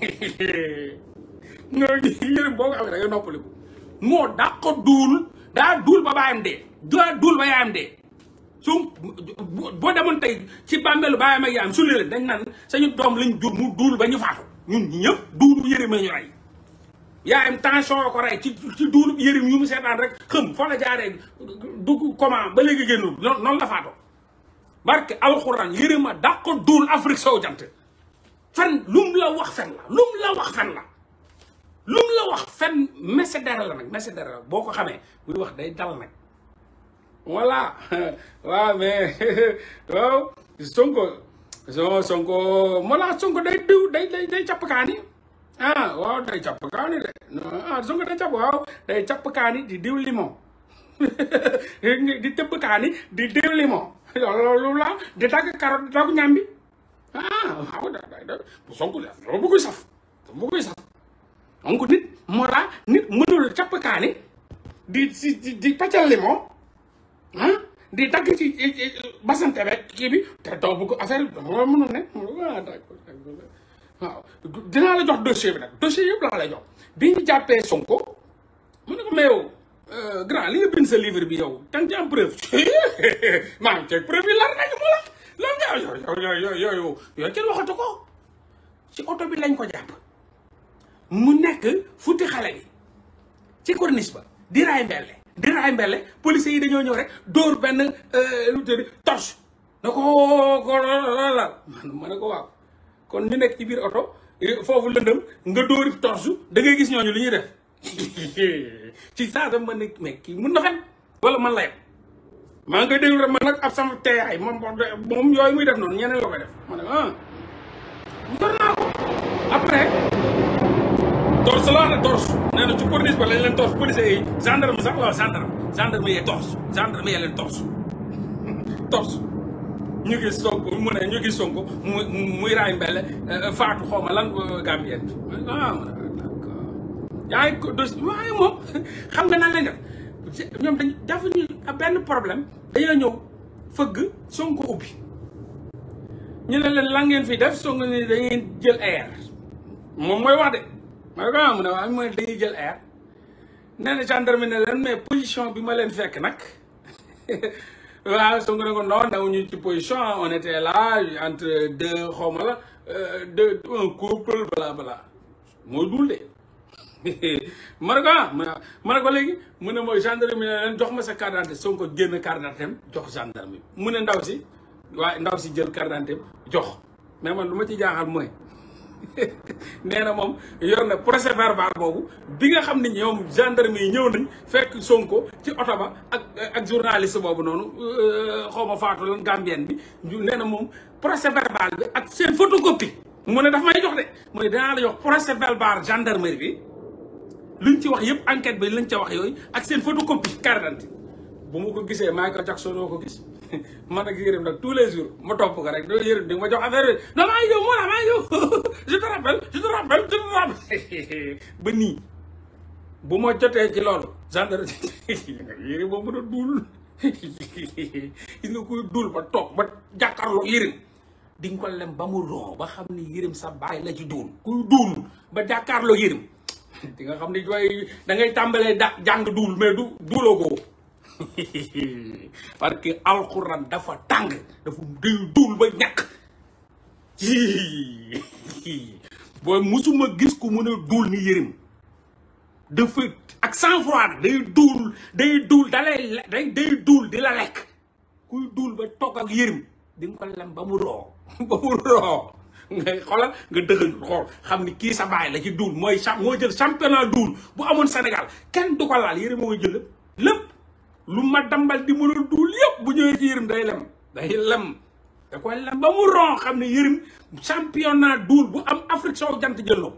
ñooñu yërëm boo ko amee da ngay noppaliku moo daa ko duul daa duul ba baayam dee daa duul ba yaayam dee su boo demoon tey ci bàmmeelu baayam ak yaayam sulli leen dañ naan sañu doom lañ jur mu duul ba ñu faatu ñun ñëpp duulu yërëmee ñu rey yaayam tension ci ci duulu yërëm ñu mu seetaan rek xëm foo la jaaree dugg comment ba léegi génnul noonu la faatoo barke alxuraan yërëm a daa ko duul Afrique sowu jant fen lum la wax fen la lum la wax fen la lum la wax fen messe la nag messe dara boo ko xamee buy wax day dal nag voilà waaw mais waaw sonko so sonko moo laa sonko day diw day day day capp kaani ah waaw day capp kaani ah, di diw limon di tëbb kaani di diw limon loolu la di dagg carotte di dagg ñambi ah xaw ma daa daa Sonko dafa bëgg saf dafa bëgg saf donc nit moo laa nit mënul capp kaani di si di paccal limon ah di dagg ci basante rek kii bi te doo bëgg affaire bi dama mënul ne ah d'accord waaw dinaa la jox dossier bi nag dossier yëpp laa la jox bi ñu jàppee Sonko mu ne ko mais yow euh, grand li nga bind sa livre bi yow da nga ci am preuve maa ngi teg preuve yi lar nañu ma la lan nga yow yow yow kenn waxatu ko ci oto bi lañ ko jàpp mu nekk futti xale bi ci corniche ba di raay mbelle di raay mbelle policiers yi dañoo ñëw rek dóor benn euh, lu tëdd torche na ko la oh, oh, oh, ma ne ko waaw kon ñu nekk ci biir oto foofu lëndëm nga dóori torche da ngay gis ñooñu li ñuy def ci saa sa ma ne mais kii mun na fen wala man la yem maa ngi koy déglu rek man nag ab sama teeyaay moom moom yooyu muy def noonu ñeneen la koy def ma ne ah yor naa ko après torse la ne torse nee na ci corniche ba lañ leen torse police yi gendarme sax waaw gendarme gendarme yee torse gendarme yee leen torse torse ñu gis Sonko mu ne ñu gis Sonko mu muy raay mbelle euh, euh, faatu xaw ma lan euh, Gambien ah ma ne ah d'accord yaa ngi ko waaye moom xam nga nan lañ def. ñoom dañ a benn problème dañoo ñëw fëgg Sonko ubbi ñu ne leen lan ngeen fi def Sonko ni dañuy jël air moom mooy wax de mooy ko mu ne waaw mooy dañuy jël air nee na gendarme ne leen mais position bi ma leen fekk nag waaw Sonko ne ko non ñu ci position on était là entre deux xawma la euh, deux un couple bla bla mooy dul de ma ne ko ah ma ne ko léegi mu ne mooy gendarme ne jox ma sa carte Sonko génn carte d'identité jox gendarme bi mu ne ndaw si waaye ndaw si jël carte jox mais man lu ma ci jaaxal mooy nee na moom yor na procès verbal boobu bi nga xam ne ñoom gendarme yi ñëw fekk Sonko ci oto ba ak ak journaliste boobu noonu euh, xaw ma faatu lan Gambien bi nee na moom procès ak seen photocopie mu ne daf may jox de mu ne danaa la jox procès verbal gendarmerie bi. ñu ci wax yëpp enquête bi lañ ca wax yooyu ak seen photocopie carte d'identité bu ma ko gisee Michael Jackson doo ko gis man ak yërëm nag tous les jours ma topp ko rek doo yërëm di ma jox affaire yooyu la maa ngi ñëw je te rappelle je te rappelle ba nii bu ma jotee ci loolu gendarme yërim boo mën a duul gis nga koy duul ba toog ba jàkkaarloo yërim di ko lem ba mu roo ba xam ni yërim sa baay la ci duul kuy duul ba jàkkaarloo yërim di nga xam ni jooy da ngay tàmbalee da jàng duul mais du duuloo ko parce que alxuraan dafa tàng dafa day ba ñàkk booy musuma gis ku mën a duul ni yërim dafa ak sang froid day duul day duul dalay day duul di la lekk kuy duul ba toog ak yërim di ko lem ba mu roo ba mu roo nga xoolal nga dëgëñ xool xam ni kii sa baay la ci duul mooy champ moo jël championnat duul bu amoon Sénégal kenn du ko laal yëre moo jël lépp lépp lu ma dambal di mën a duul yëpp bu ñëwee ci yërim day lem day lem da koy lem mu xam ne yërim championnat duul bu am Afrique soo jant jël ko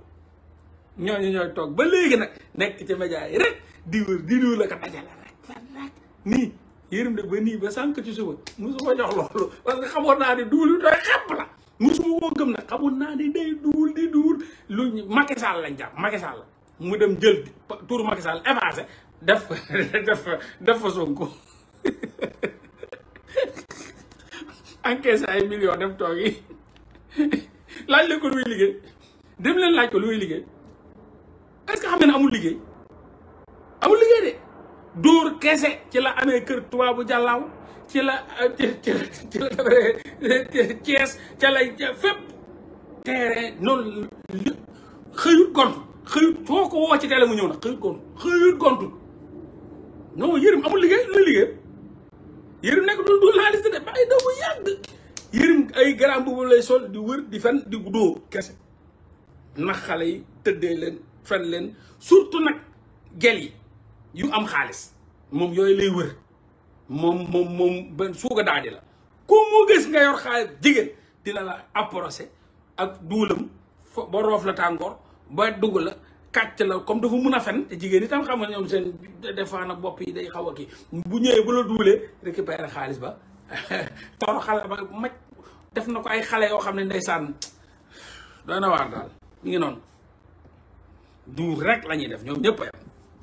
toog ba léegi nag nekk ci média yi rek di wër di duul nii de ba nii ba sànq ci suba mu ko jox loolu parce que xamoon naa ne duul yu doy xepp la musuma woo gëm nag xamul naa ne day duul di duul lu Macky Sall lañ jàpp Macky Sall mu dem jël turu Macky Sall effacé def def def fa Sonko encaissé ay millions dem toog yi laaj la ko lu muy liggéey dem leen laaj ko lu muy liggéey est-ce que xam nga ne amul liggéey amul liggéey de dóor kese ci la amee kër tubaabu jàllaaw ci la ci la ci la Thiès ca lay fépp terrain noonu li xëyut gont xëyut soo ko woo ci télé mu ñëw nag xëyut gont xëyut gontu non yërim amul liggéey lu liggéey yërim nekk du du laaliste de bàyyi daw bu yàgg yërim ay garaam boobu lay sol di wër di fen di dóor kese nax xale yi tëddee leen fen leen surtout nag gel yi yu am xaalis moom yooyu lay wër moom moom moom benn suuga daadi la ku mu gis nga yor xaalis jigéen dina la approché ak duulam ba roof la tàngoor ba dugg la kàcc la comme dafa mun a fen te jigéen itam xam nga ñoom seen defaa na bopp yi day xaw a kii bu ñëwee bu la duulee récupérer xaalis ba toro xale ba maj def na ko ay xale yoo xam ne ndeysaan doona waar daal mi ngi noonu duur rek la def ñoom ñëpp a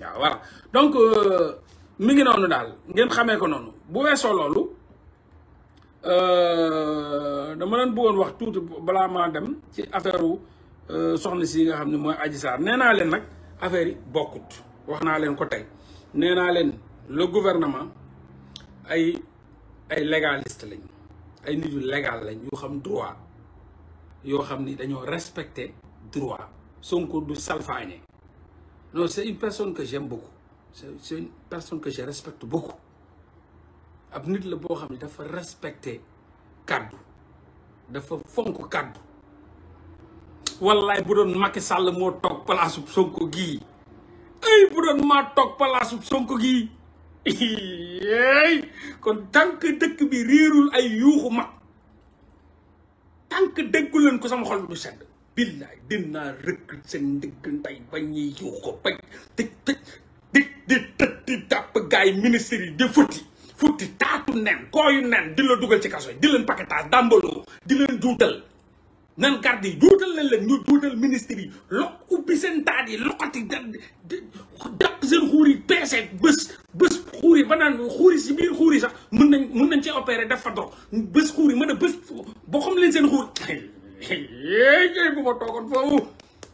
waaw voilà donc euh, mingi dal ngeen xamé ko bu lolou euh dama wax tout bala ma dem ci affaire euh, soxna si nga xamni ne Adji affaire yi ko le gouvernement ay ay légaliste lañ ay nit légal lañ a xam droit yo xamni le respecter droit Sonko du non c'est une personne que j'aime beaucoup c'est une personne que je respecte beaucoup ab nit la boo xam ne dafa respecté kàddu dafa fonk kàddu wallaay bu doon Macky sàll moo toog palaasu Sonko gii ay toog palaasu Sonko gii yéey kon tànk dëkk bi réerul ay yuuxu mag tànk déggu leen ko sama xol du sedd billaay dinaa rëkk seen ndigg ndey ba ñuy yuuxu bañ tëj tëj di tëj di tàpp gars yi ministres yi di futti futti taatu nen kooyu nen di la dugal ci kaso yi di leen paquetage dàmbaloo di leen juutal nan garde yi juutal nañ leen ñu juutal ministres yi lok ubbi seen taat yi lokati jàpp seen xuur yi peese bés bés xuur yi ba naan xuur yi si biir xuur yi sax mën nañ mun nañ cee opéré def fa dox bés xuur yi mën a bés boo xam leen seen xuur yéy bu ma toogoon foofu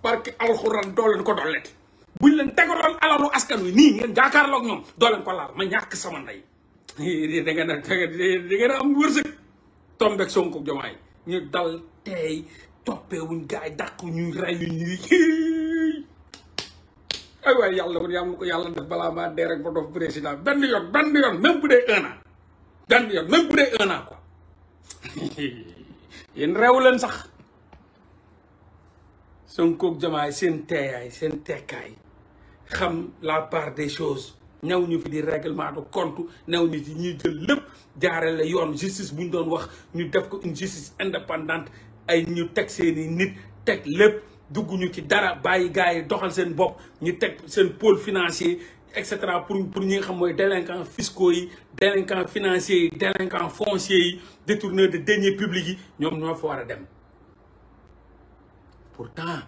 parce que alxuraan doo leen ko dollet buñ leen tegaloon alalu askan wi nii ngeen jaakaarloog ñoom doo leen ko laal ma ñàkk sama ndey da ngeen a da ngeen a am wërsëg tombeeg Sonko Jomaay ñu dal tey toppeewuñ gaay yi dàq ñuy reyu ñuy ay waay yàlla bu yàlla ko yàlla def balaa maa dee rek ba dof président benn yoon benn yoon même bu dee un an benn yoon même bu dee un an quoi yéen reewu leen sax Sonko Jomaay seen teeyaay seen tekkaay xam la part des choses new ñu fi di règlement de compte new ñu fi ñi jël lepp jaare la yoon justice buñ doon wax ñu def ko une justice indépendante ay ñu tek seeni nit tek lepp dugg ñu ci dara bàyyi gaay yi doxal seen bop ñu tek seen pôle financier etc pour pour ñi xam moy délinquants fiscaux yi délinquants financiers yi délinquants fonciers yi détourneurs de deniers publics yi ñom ñoo fa wara dem pourtant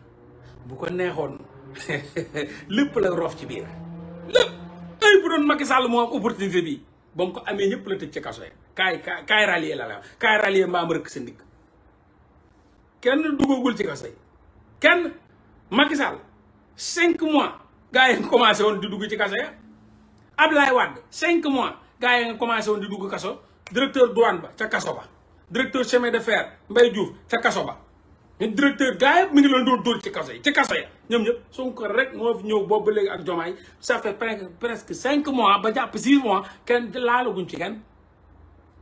bu ko neexoon lépp la roof ci biir lépp tey bu doon Macky Sall moo am opportunité bi ba mu ko amee ñëpp la tëj ci kaso ya kaay kaay rallier la la kaay rallier mbaam rëkk sa ndigg kenn duggagul ci kaso yi kenn Macky cinq mois gaa yi nga commencé woon di dugg ci kaso ya Ablaye Wade cinq mois gars yi nga commencé woon di dugg kaso directeur douane ba ca kaso ba directeur chemin de fer Mbaye Diouf ca kaso ba mais directeur gars yëpp mi ngi leen doon dóor ci kaso ci kaso ya ñoom ñëpp Sonko rek moo fi ñëw boobu ba léegi ak Diomaye sa fait presque cinq mois ba jàpp six mois kenn laalaguñ ci kenn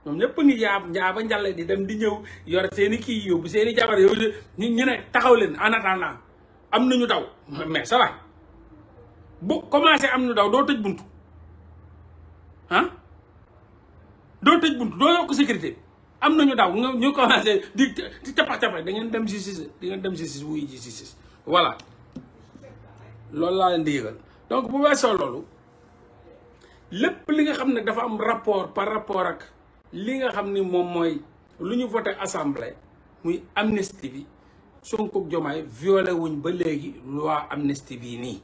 ñoom ñëpp ngi jaab njaaba njàlle di dem di ñëw yor seen i kii yóbbu seen i jabar yóbbu ñu ñu ne taxaw leen en attendant am nañu daw mais sa va bu commencé am nu daw doo tëj buntu ah doo tëj buntu doo yokk sécurité am nañu daw nga ñu commencé di di cappa cappa da ngeen dem justice di ngeen dem justice wuy ji justice voilà loolu laa leen di donc bu soo loolu lépp li nga xam ne dafa am rapport par rapport ak li nga xam ni moom mooy lu ñu voté assemblée muy amnistie bi Sonko Jomaay violé wuñ ba léegi loi amnistie bii nii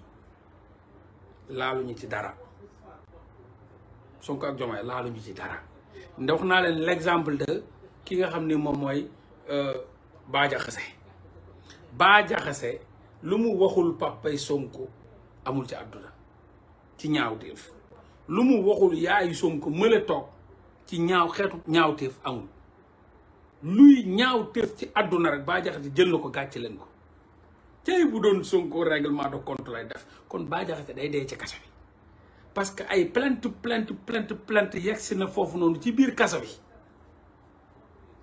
laaluñu ci dara Sonko ak Jomaay laaluñu ci dara. ndax wax naa leen l'exemple de ki nga xam ni moom mooy euh, Bah baajaxase Bah lu mu waxul papay Sonko amul ci àdduna ci ñaawteef lu mu waxul yaayu Sonko mën a toog ci ñaaw xeetu ñaawteef amul luy ñaaw ñaawteef ci àdduna rek Bah Diakhaté jël na ko gàcce leen ko tey bu doon Sonko règlement de compte lay def kon Bah day dee ci kaso bi parce que ay plainte plainte plainte plainte yegsi na foofu noonu ci biir kaso bi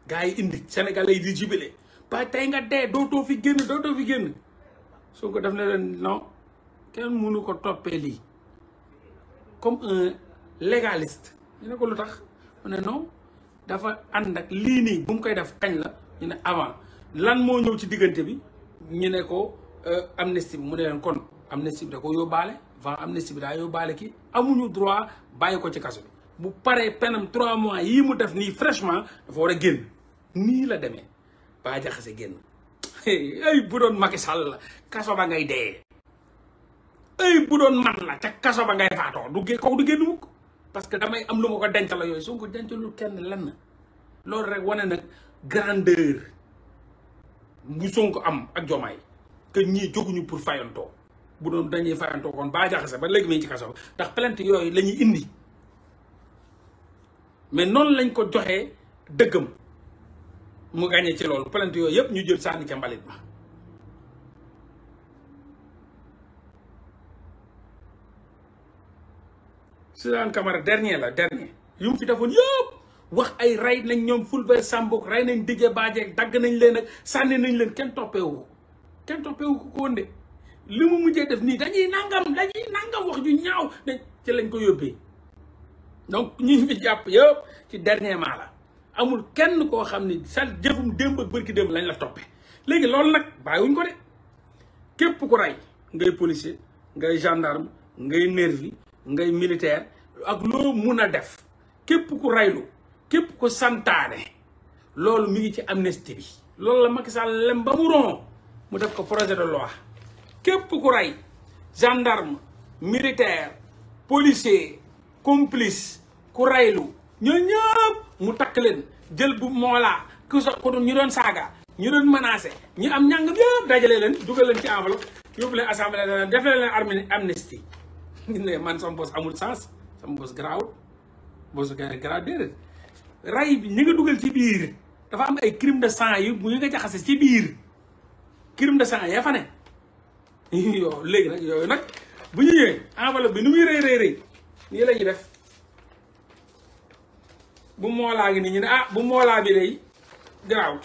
gars yi indi sénégalais yi di jubile ba tey nga dee dootoo fi génn dootoo fi génn soo ko def ne leen non kenn mënu ko toppee lii comme un légaliste ñu ne ko lu tax mu ne non dafa ànd ak lii nii bu mu koy def kañ la ñu ne avant lan moo ñëw ci diggante bi ñu ne ko euh, amnistie bi mu ne leen kon amnistie bi da ko yóbbaale va amnistie bi daa yóbbaale ki amuñu droit bàyyi ko ci kasso bu paré penam 3 mois yi mu def ni fraîchement fo wara génn la démé ba jaxé génn ay bu doon Macky Sall kasso ba ngay dé ay bu doon man la ca kaso ba ngay faato du gé ko du génn mukk parce que damay am lu ma ko la yoy su ma kenn lenn lool rek woné nak grandeur bu Sonko am ak Diomaye que ñii pour bu doon dañuy fayantoo koon baa jaxase ba léegi mi ci kaso ndax plainte yooyu la ñuy indi mais noonu lañ ko joxe dëggam mu gàññee ci loolu plainte yooyu yëpp ñu jël sànni ca mbalit ma Suzanne Camara dernier la dernier yu mu fi defoon yëpp wax ay rey nañ ñoom Fulbert Sambou rey nañ Didier Badji dagg nañ leen ak sànni nañ leen kenn toppeewu ko kenn toppeewu ko woon li mu mujjee def nii dañuy nangam dañuy nangam wax ju ñaaw da ci lañ ko yóbbee donc ñu fi jàpp yëpp ci dernièrement la amul kenn koo xam ni sa jëfum démb ak bërki démb lañ la toppee léegi loolu nag bàyyiwuñ ko de képp ku rey ngay policier ngay gendarme ngay nervi ngay militaire ak loo mun a def képp ku reylu képp ku santaane loolu mu ngi ci amnistie bi loolu la Macky Sall lem ba mu ron mu def ko projet de loi képp ku rey gendarme militaire policier complice ku reylu ñoo ñëpp mu takk leen jël bu moolaa ku sa ko ñu doon saaga ñu doon menacé ñu am ñàng yëpp dajale leen dugal leen ci enveloppe yóbbu leen assemblée def leen armi amnistie ne man sama bos amul sens sama bos garaawul bos garaaw déedéet rey bi ñi nga dugal ci biir dafa am ay crime de sang yi ñu nga jaxase ci biir crime de sang ya fa ne yow léegi nag yooyu nag bu ñu ñëwee enveloppe bi nu muy rëy rëy rëy nii la def bu moolaa ngi nii ñu ne ah bu moolaa bi day garaawut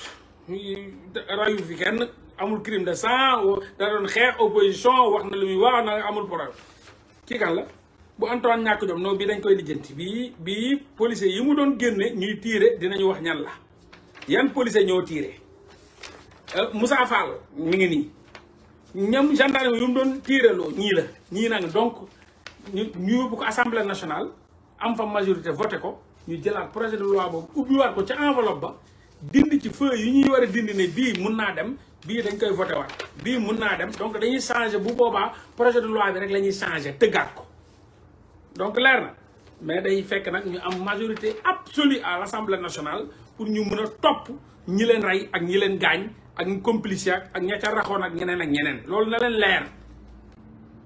rayu fi kenn amul crime de sang da doon xeex opposition wax na lu muy wax na amul problème kii kan la bu Antoine ñàkk jom non bii dañ koy lijjanti bii bi policier yi mu doon génne ñuy tiire dinañu wax ñan la yan policier ñoo tiire euh, Moussa Fall mi ngi nii ñoom gendarme yu mu doon tiiraloo ñii la ñii nag donc ñu ñu yóbbu ko assemblée nationale am fa majorité voté ko ñu jëlaat projet de loi boobu ubbiwaat ko ca enveloppe ba dindi ci feu yi ñuy war a dindi ne bii mun naa dem bii dañ koy voté waat bii mun naa dem donc dañuy changé bu boobaa projet de loi bi rek la ñuy changé tëggaat ko donc leer na mais day fekk nag ñu am majorité absolue à l' assemblée nationale pour ñu mun a topp ñi leen rey ak ñi leen gaañ. ak complice ak ña ca raxoon ak ñeneen ak ñeneen loolu na leen leer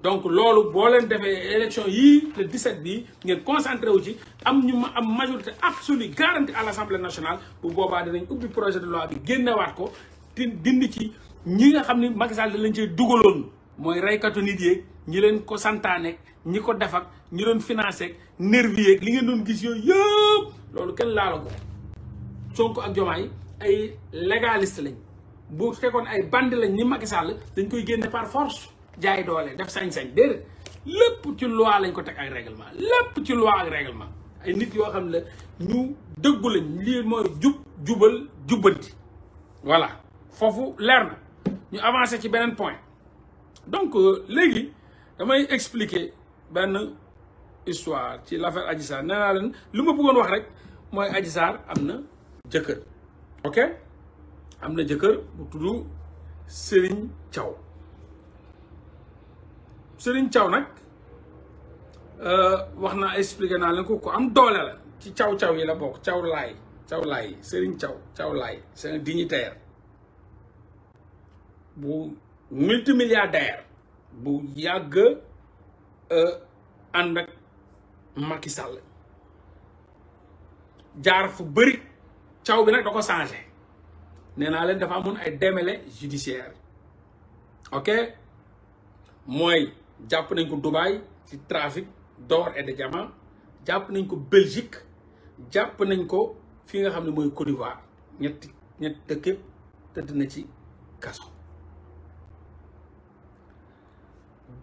donc loolu boo leen defee élection yii le diset bi ngeen concentré wu ci am ñu ma am majorité absolue garantie à l' assemblée nationale bu boobaa dinañ ubbi projet de loi bi génnewaat ko dindi ci ñi nga xam ni Macky Sall da leen cee dugaloon mooy reykatu nit yeeg ñi leen ko santaaneeg ñi ko def ak leen doon financé ak li ngeen doon gis yooyu yëpp loolu kenn laala ko Sonko ak Jomaay ay légaliste lañ. bu fekkoon ay bandi lañ ni Macky Sall dañ koy génne par force jaay doole def sañ-sañ déedéet lépp ci loi lañ ko teg ak règlement lépp ci loi ak règlement ay nit yoo xam ne ñu dëggu lañ lii mooy jub jubal jubbanti voilà foofu leer na ñu avancer ci beneen point donc euh, léegi damay expliquer benn histoire ci l'affaire Adji Sarr leen lu ma buggoon wax rek mooy Adji Sarr am na jëkkër am na jëkkër bu tudd sëriñ caw sëriñ caw nag euh, wax na expliqué naa leen ko ko am doole la ci caw caw yi la bokk Thiaw laay Thiaw laay Serigne Thiaw Thiaw laay c'est un dignitaire bu multimilliardaire bu yàgg euh, ànd ak Macky jaar fu bëri caw bi nag da ko changé nee naa leen dafa amoon ay démale judiciaire ok mooy jàpp nañ ko Dubaï ci trafic d'or et de diamant jàpp nañ ko Belgique jàpp nañ ko fi nga xam ne mooy Côte ñetti ñetti dëkk yëpp tëdd na ci kaso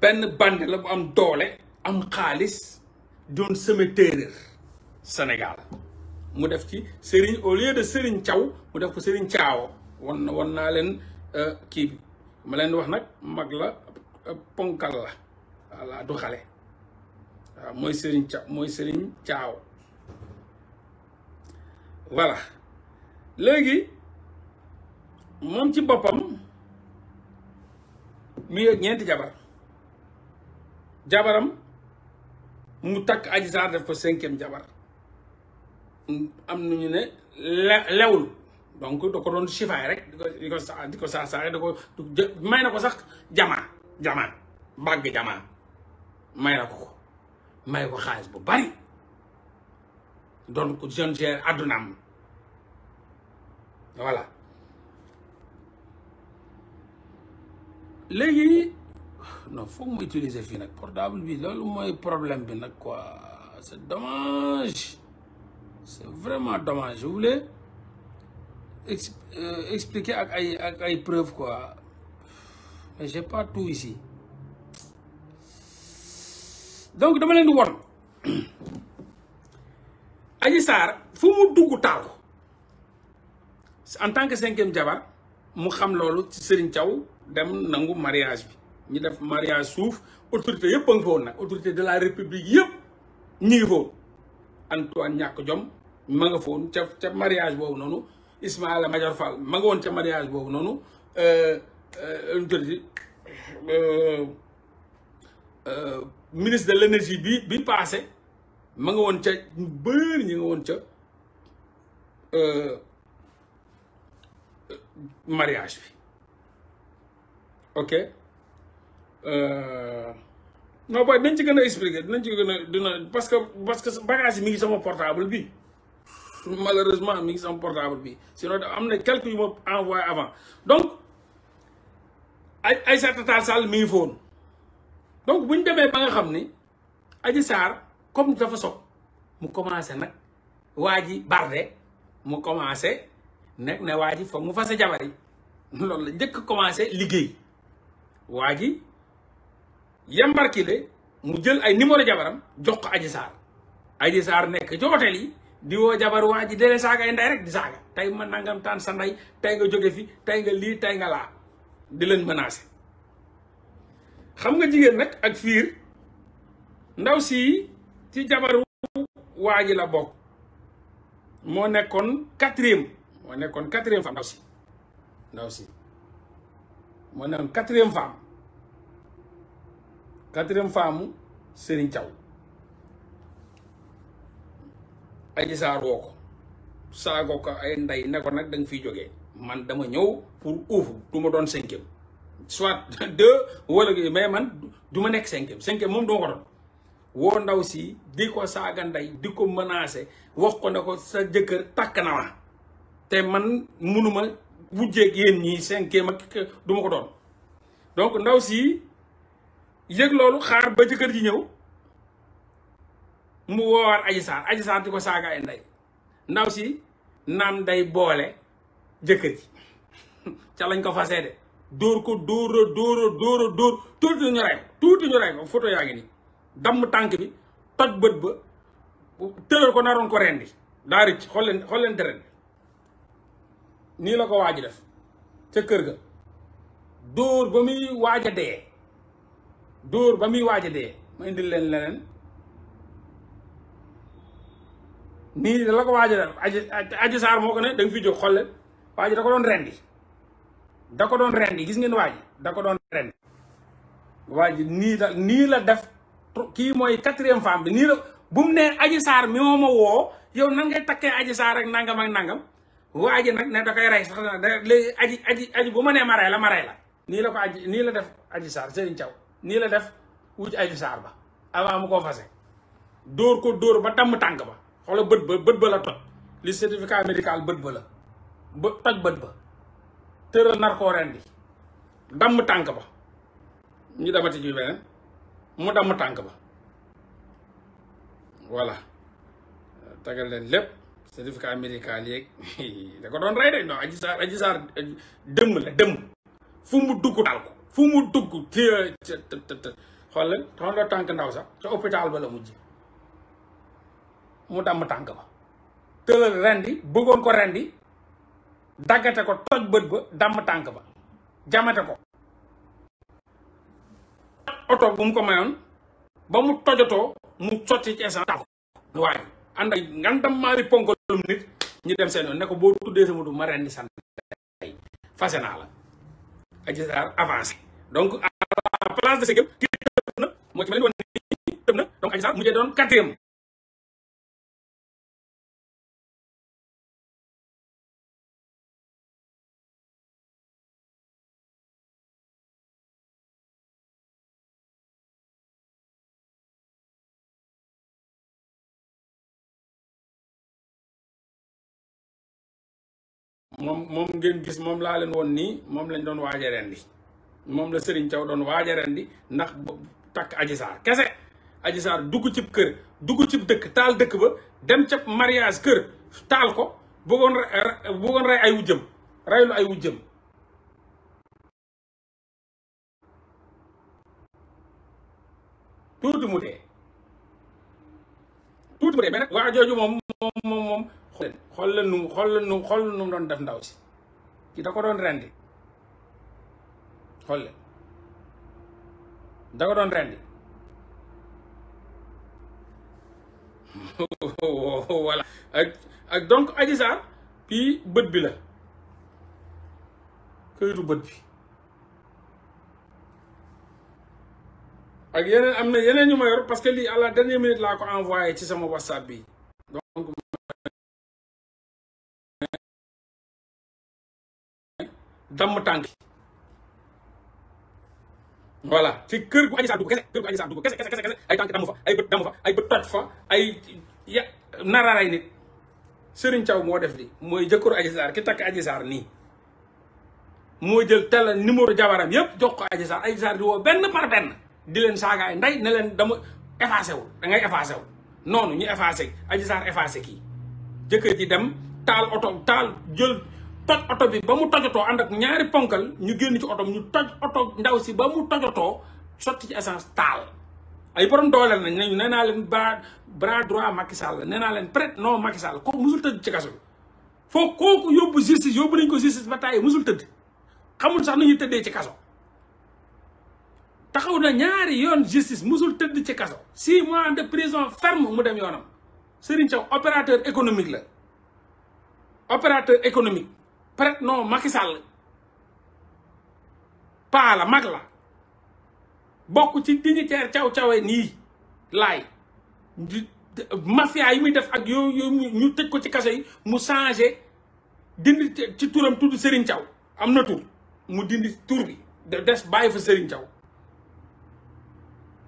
benn bande la bu am doole am xaalis doon seme téeréer Sénégal mu def ci Serigne au lieu de Serigne caw mu def ko Serigne Thiaw wan wan naa leen euh, kii ma leen wax nag mag la euh, ponkal la voilà du xale waaw mooy Serigne Thiaw mooy sëriñ Thiaw voilà léegi moom ci boppam mu ñeenti jabar jabaram mu takk Adji Sarr def ko cinquième jabar am ñu ne lewul donc da ko doon chifaay rek di ko di ko sa di ko saa saaxe da ko may na ko sax jamaa jamaa bàgg jamaa may na ko ko may ko xaalis bu bari doon ko jeune adduna addunaam voilà léegi non foog ma utiliser fii nag portable bi loolu mooy problème bi nag quoi c'est dommage c'est vraiment dommage je voulais euh, expliquer avec des Mais je preuves quoi mais j'ai pas tout ici donc je vais vous won Aïssar, Sarr faut que dugg en tant que cinquième jabar mu xam loolu ci Serigne Thiaw dem nangu mariage bi ñu def mariage souffre autorité de la république yëpp niveau Antoine ñàkk jom ma nga foon ca ca mariage boobu noonu Ismaïla Madior Fall ma nga woon ca mariage boobu noonu euh, euh, euh, ministre de l'énergie bi bi paase ma nga woon ca ñu ca mariage bi ok non dañ ci gën a expliquer dinañ ci parce que parce que bagage yi ngi sama portable bi malheureusement mi ngi sama portable bi sinon am na quelques yu ma envoyé avant donc ay Aïssata Tall Sall mi ngi foon donc bu ñu demee ba nga xam ni aji Sarr comme dafa sob mu commencé nag waa ji barde mu commencé nekk ne waa ji foog mu fase jabar yi loolu la njëkk commencé liggéey waa yambarkile mu jël ay numéro jabaram jox ko aji sar aji sar nek ci hôtel yi di wo jabar waa dele saaga ay ndey rek di saga tay man nangam tan sa ndey tey nga joge fi tay nga li tay nga la di leen menacer xam nga jigen nak ak fiir ndaw si ci jabaru la bok mo nekkon 4e mo nekkon 4e fam ndaw si ndaw si nekkon 4e femme quatrième femme Serigne Thiaw Adji Sarr woo ko saago ko ay ndey ne ko nag da nga fiy jógee man dama ñëw pour uuf du ma doon cinquième soit deux wala mais man du ma nekk cinquième cinquième moom duma ko doon woo ndaw si di ko saaga ndey di ko menacé wax ko ne ko sa jëkkër takk na ma te man munuma wujjeeg yéen ñii cinquième ak du ko doon donc ndaw si yëg loolu xaar ba jëkkër ji ñëw mu woowaat Adji Sarr Adji ko saaga ay ndey ndaw si naan day boole jëkkër ji ca lañ ko fasee de dóor ko dóora dóora dóora dóor tuuti ñu rey tuuti ñu rey damm tànk bi toj bët ba tëral ko naroon ko rendi daa rëcc xool leen xool leen deret nii la ko waaj def ca kër ga dóor ba muy waaj a dóor ba muy waaj a dee ma indil leen leneen nii da la ko waaj a aji saar moo ko ne da nga fi jóg xolle waa ji da ko doon rendi da ko doon rendi gis ngeen waa ji da ko doon rendi waa ji nii da nii la def kii mooy quatrième femme bi nii la bu mu nee aji saar mi moo ma woo yow nan takkee aji saar rek nangam ak nangam waa nag ne da koy rey sax da léegi aji aji bu ma nee ma rey la ma rey la nii la ko aji nii la def aji saar Serigne caw nii la def wuj Adji Sarr ba avant mu ko fase dóor ko dóor ba damm tànk ba xoola bët ba bët ba la toj li certificat médical bët ba la ba toj bët ba tëral nar koo rendi damm tànk ba ñu damati ci beneen mu damm tànk ba voilà tagal leen lépp certificat médical yeeg da ko doon rey de non Adji Sarr dëmm la dëmm fu mu dugg daal ko fu mu dugg té xoolal xam nga tànk ndaw sax ca hôpital ba la mujj mu damm tànk ba tëlal rendi bëggoon ko rendi daggate ko toj bët ba damm tànk ba jamate ko oto bu mu ko mayoon ba mu tojotoo mu sotti ci essence taal ko waaye ànd ak ngandam ponkalum nit ñu dem seen yoon ne ko boo tuddee sama du ma rendi sant fase naa la aji saar avancé donc à la place de Segem moo ci ma leen woon nii moom gis moom laa leen woon nii moom lañ doon waaja rendi moom la Serigne Thiaw doon waaj rendi ndax takk Adji Sarr kese Adji Sarr dugg cib kër dugg cib dëkk taal dëkk ba dem ca mariage kër taal ko bëggoon bëggoon rey ay wujjëm reylu ay wujjëm tuuti mu dee tuuti mu dee mais nag waa jooju moom moom xool leen nu xool leen nu xool leen nu doon def ndaw si ci da ko doon rendi xool leen da rendi voilà ak ak donc Adji Sarr kii bët bi la keuru beut bi ak yeneen amna na yeneen ñu ma yor parce que li à la dernière minute la ko envoyer ci sama whatsapp bi donc dam tanki voilà ci kër gu Adji Sarr dugg kese kër gu Adji kese kese ay tànk damm fa ay bët damm fa ay bët toj fa ay ya naraaray nit Serigne Thiaw moo def li mooy jëkkëru aji Sarr ki takk Adji Sarr nii moo jël tel numéro jabaram yëpp jox ko Adji Sarr Adji Sarr di woo benn par benn di leen saagaay ndey ne leen dama effacé wu da ngay effacé wu noonu ñu effacé Adji Sarr effacé kii jëkkër ji dem taal oto taal jël toj oto bi ba mu tojotoo ànd ak ñaari ponkal ñu génn ci oto ñu toj oto ndaw si ba mu tojotoo sotti ci essence taal ay borom dooleel nañ nañu nee naa leen bras bras droit Macky la nee naa leen prête non Macky Sall kooku musul tëdd ci kaso bi foo kooku yóbbu justice yóbbu nañ ko justice ba tàyyi musul tëdd xamul sax nu ñuy tëddee ci kaso taxaw na ñaari yoon justice musul tëdd ci kaso six mois de prison ferme mu dem yoonam Serigne Thiaw opérateur économique la opérateur économique peut noo non Macky Sall paa la mag la bokk ci dignitaire caw cawe nii laay mafia yi muy def ak yooyu yooyu ñu tëj ko ci kaso yi mu changé dindi ci turam tudd Serigne Thiaw am na tur mu dindi tur bi de des bàyyi fa Serigne Thiaw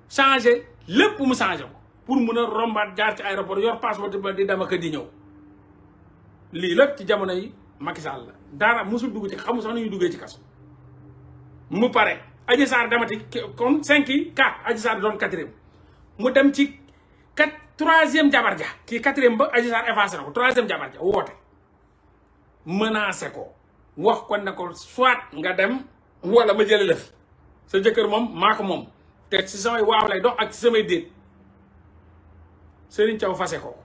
changé lépp mu changé ko pour mun a rombaat jaar ci aéroport yor passeport ba di dem ak di ñëw lii lépp ci jamono yi. Macky Sall la dara mosul dugg ci xamu sax nu duggee ci kaso mu pare Adji Sarr demati comme cinq yi quatre Adji Sarr doon quatrième mu dem ci kat troisième jabar ja ci quatrième ba Adji Sarr na ko troisième jabar ja woote menacé ko wax ko ne ko soit nga dem wala ma jëlee la sa jëkkër moom maa moom te ci samay waaw lay dox ak ci samay déet Serigne Thiaw fase ko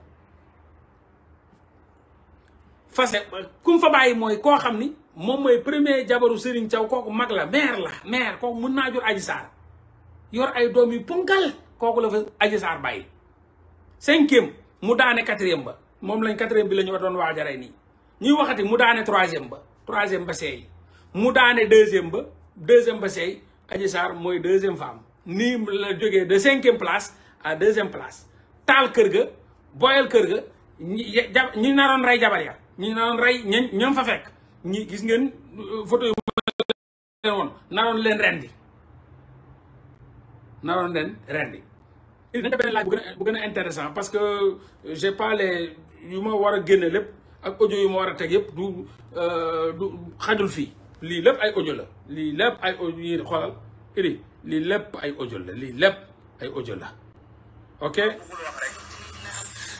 fase kum fa bàyyi moy ko xamni mom moy premier jabaru Serigne Thiaw koku mag la maire la mère kooku mën na jur Adji yor ay domi punkal kooku la fa Adji Sarr 5e mu daane 4e ba mom lañ 4e bi lañu ñu doon waaj seyi, rey waxati mu daane 3e ba 3e ba sey mu daane 2e ba 2e ba sey Adji moy 2e femme ni la joggé de 5e place à 2e place tal keur ga boyal keur ga ñi ya, naron ray jabar ya ñi naan rey ñañ ñam fa fekk ñi gis ngeen euh, photo yi woon leen rendi leen rendi dañ def benn laaj bu gën intéressant parce que euh, j'ai pas yu ma war a génne lépp ak ojo yu ma war a teg yëpp du euh, du xajul fi lii lépp ay audio la lii lépp ay audio yi lii lépp ay ojo la lii lépp ay ojo la ok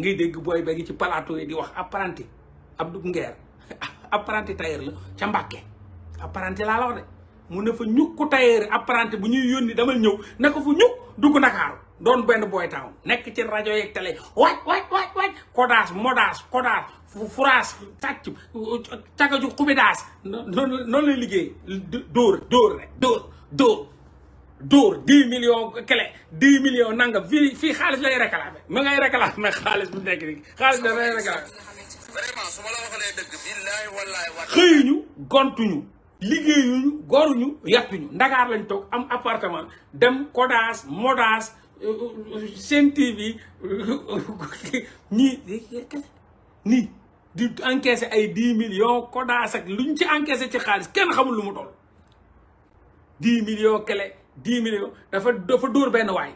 ngay dégg booy ba ngi ci plateau yi di wax apprenti Abdou Nguer apprenti tailleur la ca Mbàkke apprenti laa la wax de mu ne fa ñukku tailleur apprenti bu ñuy yónni damal ñëw ne ko fu ñuk dugg Ndakaaru doon benn boy town nekk ci rajo yeeg télé waaj waaj waaj waaj kodaas modaas kodaas furaas sàcc cagaju xubidaas noonu lay liggéey dóor dóor rek dóor dóor dóor 10 millions clé 10 millions nangam fii fii xaalis lay réclamé ma ngay réclamé xaalis bu nekk nii xaalis lay réclamé. vraiment ma wa xëyuñu gontuñu liggéeyuñu goruñu yattuñu ndakaar lañ toog am appartement dem Kodas Modas Sen TV nii di encaissé ay 10 millions Kodas ak luñ ci encaissé ci xaalis kenn xamul lu mu toll 10 millions clé. dix millions dafa dafa dóor benn waay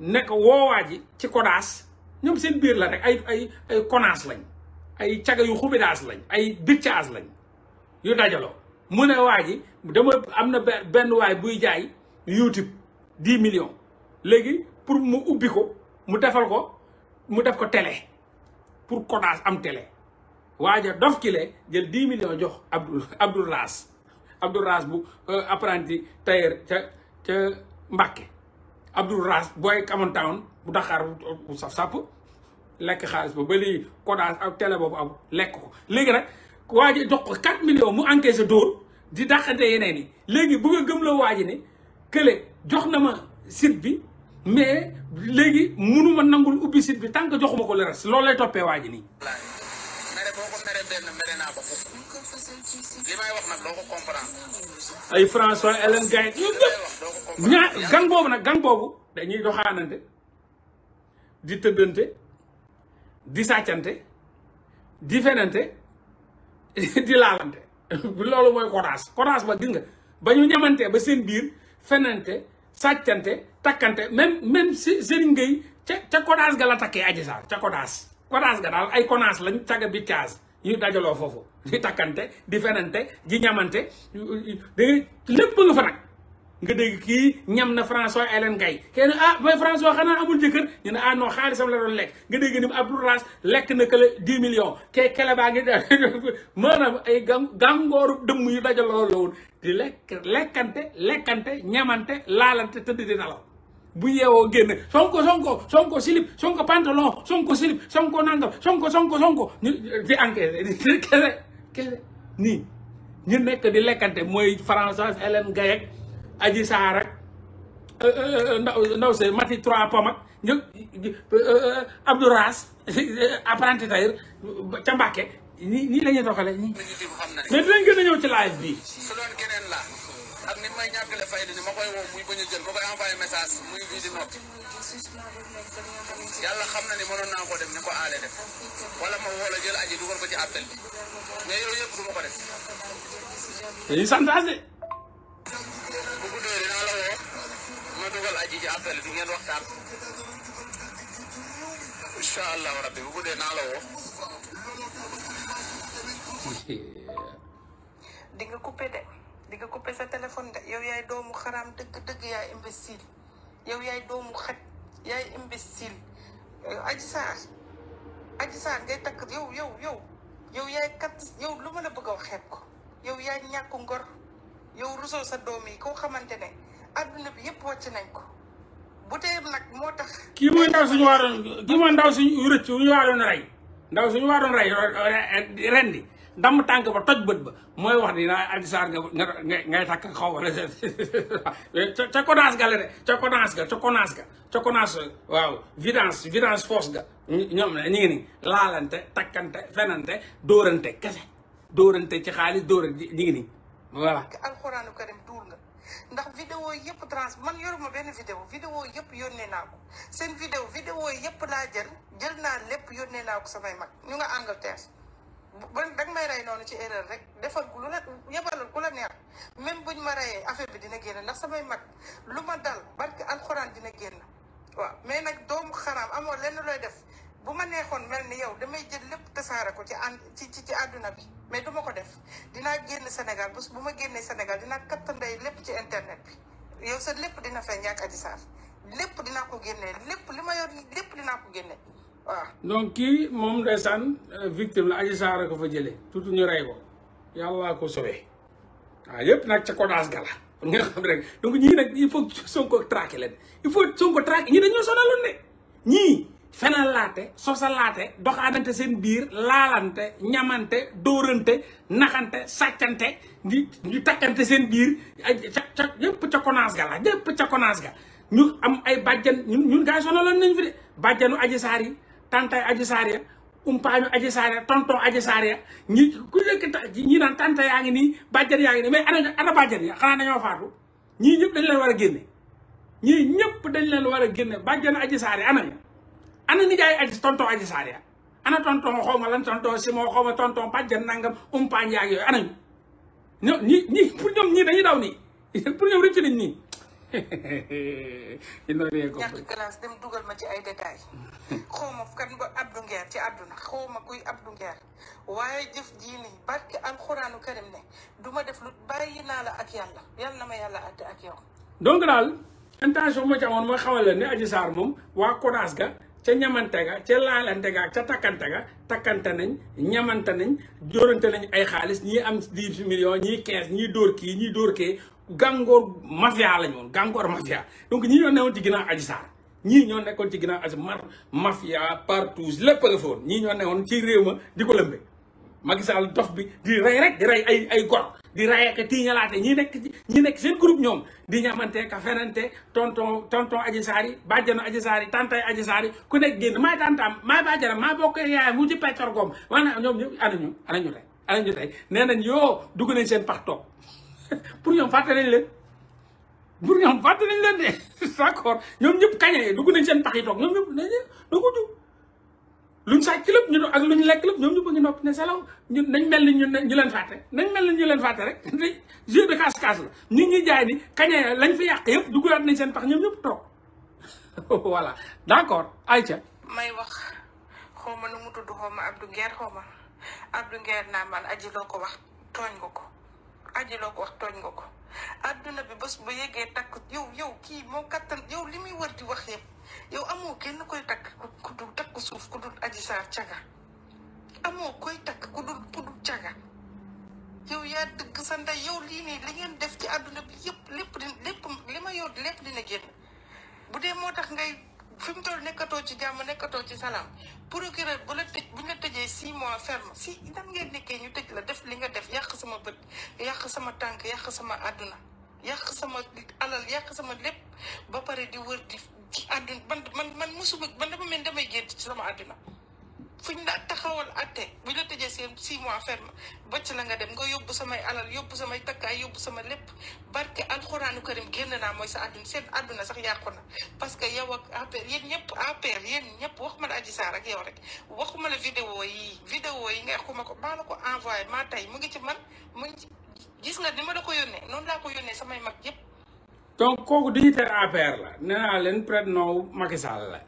nekk woowaa ji ci kodaas ñoom seen biir la rek ay ay ay lañ ay caga yu xubidaas lañ ay biccaas lañ yu dajaloo mu ne waa ji dama am na benn waay buy jaay youtube dix millions léegi pour mu ubbi ko mu defal ko mu def ko télé pour kodaas am télé waa ja dof ki le jël dix millions jox Abdou Abdou Raas Abdou Raas bu euh, apprenti tailleur ca ca Mbàkke Abdou booy Camon Town bu Dakar bu saf sàpp lekk xaalis ba ba lii Kodaas ak télé boobu am lekk ko léegi nag waa ji jox ko 4 millions mu encaissé dóor di dàqante yeneen yi léegi bu gëm la waa ji ne kële jox na ma site bi mais léegi munu ma nangul ubbi site bi tant que joxuma ko le reste loolu lay toppee waa ji nii. benn mere nag doo ay François Hélène gang boobu nag gang boobu dañuy doxaanante di tëddante di sàccante di fenante di laalante loolu mooy kotaas kotaas ba gis ba ñu ñamante ba seen biir fenante sàccante takkante même même si Serigne ca ca ga la takkee aji saar ca kodaas kodaas ga daal ay konaas lañ tagga bi ñu dajaloo foofu di takkante di fenante di ñamante lépp nga fa nag nga dégg kii ñam na François Hélène Gaye kenn ah mooy François xanaa amul jëkkër ñu ne ah xaalisam la doon lekk nga dégg ni Abdou Rass lekk na kële 10 millions ke kele baa ngi maanaam ay gam gàngooru dëmm yu dajaloo la woon di lekk lekkante lekkante ñamante laalante tëdd di nalaw bu yeewoo génn sonko sonko sonko silip sonko pantalon sonko silip sonko nangam sonko sonko sonko ñu di enquête kese nii ñu nekk di lekkante mooy Françoise Hélène Gaye ak Adji Sarr ak euh, euh, euh, ndaw ndaw se Mati trois pom ak ñu Abdou nii nii la ñuy doxale nii mais dinañ gën a ñëw ci live bi ak ni may ñàkkale fayda ni ma koy woo muy bañ jël ba koy envoyé message muy bii di noppi yàlla xam na ni mënoon naa ko def ni ko aale def wala ma woo jël aji dugal ko ci appel bi mais yooyu yëpp du ko def. dañuy santaase. bu guddee la ma dugal aji ci appel bi ngeen waxtaan. rabbi bu la di nga coupé de. di a coupé sa téléphone de yow yaay doomu xaraam dëgg-dëgg yaay imbécile yow yaay doomu xaj yaay imbécile aji saar takk yow yow yow yow yaay kat yow lu ma la bëgg a wax ko yow yaay ñàkk ngor yow rusoo sa doom yi koo xamante ne adduna bi yëpp wàcc nañ ko bu dee nag moo tax kii mooy ndaw suñu waaroon kii mooy ndaw suñu rëcc rey ndaw suñu waaroon rey rendi damm tànk ba toj bët ba mooy wax ni naa Adji Sarr nga ngay ngay takk xaw wala ca konaas ga la de ca konaas ga ca konaas ga ca konaas waaw vidange vidange force ga ñoom ne ñu ngi ni laalante takkante fenante dóorante kese dóorante ci xaalis dóorante ñu ngi ni voilà alxuraanu karim duur nga ndax vidéo yëpp trans man yoruma benn vidéo vidéo yëpp yónnee naa ko seen vidéo vidéo yëpp laa jël jël naa lépp yónnee naa ko samay mag ñu nga Angleterre man danga may rey noonu ci erreur rek defal ku lu la yebalal ku la neex même buñ ma reyee affaire bi dina génn ndax samay mag lu ma dal barke alxuraan dina génn waaw mais nag doomu xaraam amoo lenn looy def bu ma neexoon mel ni yow damay jël lépp tasaare ko ci ànd ci ci àdduna bi mais du ko def dinaa génn Sénégal bés bu ma génnee Sénégal dinaa katt ndey lépp ci internet bi yow sa lépp dina feeñ yàgg Adji lépp dinaa ko génnee lépp li ma yor lépp dinaa ko génnee waaw donc kii moom ndeysaan euh, victime la Adji Sarr ko fa jëlee tuuti ñu rey ko yàlla ko sauvé waaw yëpp nag ca kodaas gala nga xam rek donc ñii nag il faut Sonko traqué leen il faut Sonko traqué ñii dañoo fenalaate sosalaate doxaanante seen biir laalante ñamante dóorante naxante sàccante di ñu takkante seen biir ay ca ca yëpp ca konaas ga la ñu am ay bàjjan ñun ñu gars yi sonaloon fi de bàjjanu Adji Sarr yi tantay aji saar ya umpaañu aji saar ya tonton aji saar ya ñi ku nekk ta ñi naan tanta yaa ngi nii bàjjan yaa ngi nii mais ana ana bàjjan ya xanaa dañoo faatu ñii ñëpp dañ leen war a génne ñii ñëpp dañ leen war a génne bàjjan aji saar ya ana ya ana nijaay aji tonton aji saar ya ana tonton xaw ma lan tonton si moo xaw ma tonton bàjjan nangam umpaañ yaa ana ñu ñi ñi pour ñoom ñii dañuy daw nii pour ñoom rëcc nañ nii il n'a rien compris ñàkk glace dem dugal ma ci ay détails xaw ma kan ba Abdou Nguer ci àdduna xaw ma kuy Abdou Nguer waaye jëf jii nii barke alxuraanu karim ne du ma def lu bàyyi naa la ak yàlla yàlla na ma yàlla àtte ak yow. donc daal intention bu ma ci amoon moom waa Kodas ca ñamante ga ca laalante ga ca takkante ga takkante nañ ñamante nañ dóorante nañ ay xaalis ñii am 10 millions ñii 15 ñii dóor kii ñii dóor kee. gàngoor mafia la ñu woon gàngoor mafia mm. donc ñii ñoo newoon ci ginnaaw Adji Sarr ñii ñoo nekkoon ci ginnaaw Adji mar mafia partout lépp a nga fa woon ñii ñoo newoon ci réew ma di ko lëmbe Macky Sall dof bi di rey rek di rey ay ay gor di rey ak tiiñalaate ñi nekk ci ñi nekk seen groupe ñoom di ñamante ka fenante tonton tonton Adji Sarr yi bàjjanu Adji Sarr yi tantay Adji Sarr yi ku nekk génn maay tantaam maay bàjjanam maa bokk yaayam mu ci peccor goom maanaam ñoom ñëpp anañu anañu tey nee nañ yoo dugg nañ seen pax pour ñoom fàtte nañ leen pour leen de d'accord ñoom ñëpp kañe dugg nañ seen tax yi toog ñoom ñëpp nañ doo ko sàcc lépp ñu ak luñ lekk lépp ñoom ñu bëgg noppi ne salaw ñu nañ mel ni ñu ñu leen fàtte nañ mel ni ñu leen fàtte rek jeu de cache-cache la ñu ngi jaay ni kañe lañ fi yàq yëpp duggaat nañ seen tax ñoom ñëpp toog voilà d'accord Aïcha may wax xaw ma nu mu tudd xaw ma Abdou Nguer xaw ma Abdou Nguer naa man aji loo ko wax tooñ nga ko ajaloo ko wax tooñ nga ko adduna bi bés bu yeggee takk yow yow kii moo kattan yow li muy war di wax yëpp yow amoo kenn koy takk ku dul takk suuf ku dul aji saar caga amoo koy takk ku dul ku caga yow yaa dëgg sa ndey yow lii nii li ngeen def ci adduna bi yëpp lépp di lépp li ma yor lépp dina génn bu dee moo tax ngay fi mu toll nekkatoo ci jàmm nekkatoo ci salaam procureur bu la bu ñu la tëjee six mois ferme si nan ngeen nekkee ñu tëj la def li nga def yàq sama bët yàq sama tànk yàq sama àdduna yàq sama alal yàq sama lépp ba pare di wër di ci àdduna man man man mosuma man dama meen damay gént ci sama àdduna fuñ la taxawal bu buñ la tëjee seen si mois ferme bocc la nga dem nga yóbbu samay alal yóbbu samay takkaay yóbbu sama lépp barke alxuraanu karim génn naa mooy sa àdduna seen àdduna sax yàqu na parce que yow ak APR yéen ñëpp APR yéen ñëpp waxuma la Adji Sarr ak yow rek waxuma la vidéo yi vidéo yi nga xuma ko maa la ko envoyé maa tey mu ngi ci man mu ngi ci gis nga di ma da ko yónnee noonu laa ko yónnee samay mag yëpp donc kooku dignitaire APR la nee naa leen prête non la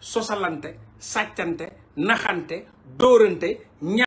sosalante sàccante naxante dóorante